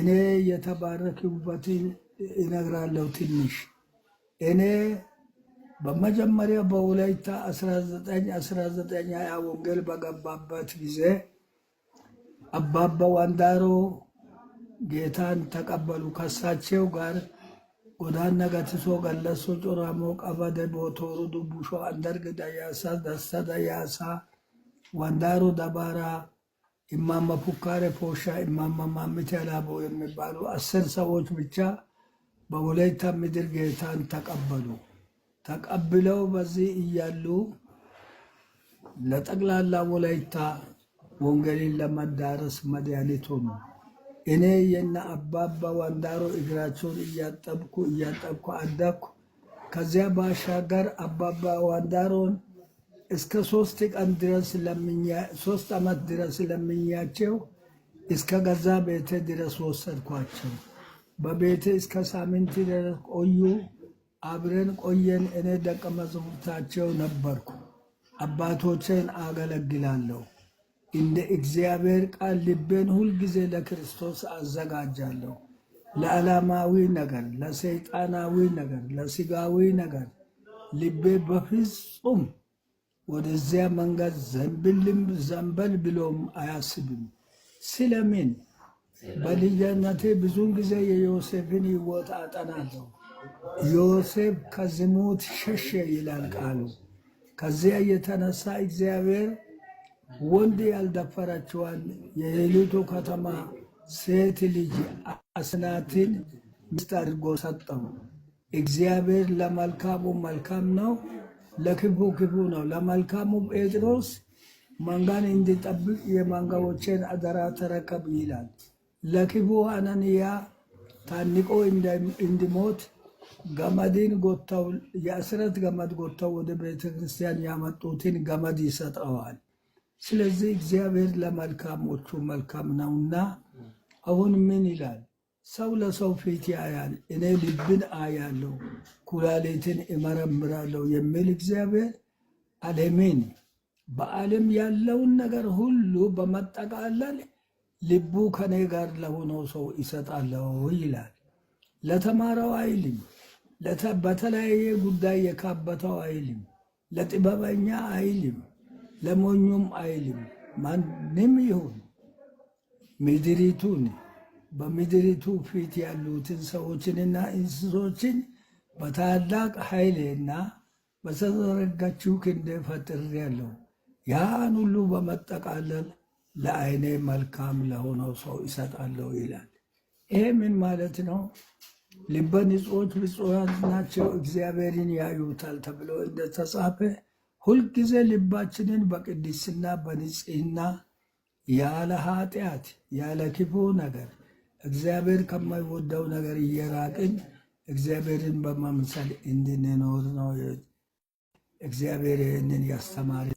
እኔ የተባረክበትን እነግራለሁ። ትንሽ እኔ በመጀመሪያ በወላይታ 1919 ሀያ ወንጌል በገባበት ጊዜ አባባ ዋንዳሮ ጌታን ተቀበሉ። ከሳቸው ጋር ጎዳና ገትሶ ገለሶ ጮራሞ ቀበደ ቦቶሩ ዱቡሾ አንደርግ ደያሳ ደሰ ደያሳ ዋንዳሮ ደባራ ኢማማ ፉካሬ ፎሻ፣ ኢማማ ማሚቴ አላቦ የሚባሉ አስር ሰዎች ብቻ በወላይታ ምድር ጌታን ተቀበሉ። ተቀብለው በዚህ እያሉ ለጠቅላላ ወላይታ ወንጌልን ለመዳረስ መድኒት ሆኑ እኔ የነ አባባ ዋንዳሮ እግራቸውን እያጠብኩ እያጠብኩ አዳኩ። ከዚያ ባሻገር አባባ ዋንዳሮን እስከ ሶስት ቀን ድረስ ሶስት ዓመት ድረስ ለምኛቸው እስከ ገዛ ቤተ ድረስ ወሰድኳቸው። በቤተ እስከ ሳምንት ድረስ ቆዩ። አብረን ቆየን። እኔ ደቀ መዝሙርታቸው ነበርኩ፣ አባቶችን አገለግላለሁ። እንደ እግዚአብሔር ቃል ልቤን ሁልጊዜ ለክርስቶስ አዘጋጃለሁ። ለዓላማዊ ነገር፣ ለሰይጣናዊ ነገር፣ ለስጋዊ ነገር ልቤ በፍጹም ወደዚያ መንገድ ዘንብልም ዘንበል ብሎም አያስብም። ስለምን በልጅነቴ ብዙን ጊዜ የዮሴፍን ሕይወት አጠናለሁ። ዮሴፍ ከዝሙት ሸሸ ይላል ቃሉ። ከዚያ የተነሳ እግዚአብሔር ወንድ ያልደፈረችዋን የሌሊቱ ከተማ ሴት ልጅ አስናትን ሚስት አድርጎ ሰጠው። እግዚአብሔር ለመልካሙ መልካም ነው ለክቡ ክፉ ነው። ለመልካሙ ጴጥሮስ መንጋን እንዲጠብቅ የመንጋዎችን አደራ ተረከብ ይላል። ለክቡ አናንያ ታንቆ እንዲሞት ገመድን ጎተው የእስረት ገመድ ጎተው ወደ ቤተ ክርስቲያን ያመጡትን ገመድ ይሰጠዋል። ስለዚህ እግዚአብሔር ለመልካሞቹ መልካም ነውና አሁን ምን ይላል? ሰው ለሰው ፊት ያያል፣ እኔ ልብን አያለሁ፣ ኩላሊትን እመረምራለሁ የሚል እግዚአብሔር ዓለምን በዓለም ያለውን ነገር ሁሉ በመጠቃለል ልቡ ከኔ ጋር ለሆነው ሰው ይሰጣለሁ ይላል። ለተማረው አይልም፣ በተለያየ ጉዳይ የካበተው አይልም፣ ለጥበበኛ አይልም፣ ለሞኙም አይልም። ማንም ይሁን ምድሪቱን በምድሪቱ ፊት ያሉትን ሰዎችንና እንስሶችን በታላቅ ኃይሌና በተዘረጋችው ክንዴ ያለው ያን ሁሉ በመጠቃለል ለአይኔ መልካም ለሆነው ሰው ይሰጣለሁ ይላል። ይሄ ምን ማለት ነው? ልበ ንጹዎች ብፁዓን ናቸው፣ እግዚአብሔርን ያዩታል ተብሎ እንደተጻፈ ሁልጊዜ ልባችንን በቅድስና በንጽህና ያለ ኃጢአት ያለ ክፉ ነገር እግዚአብሔር ከማይወዳው ነገር እየራቅን እግዚአብሔርን በማምሰል እንድንኖር ነው። እግዚአብሔር ይህንን ያስተማረ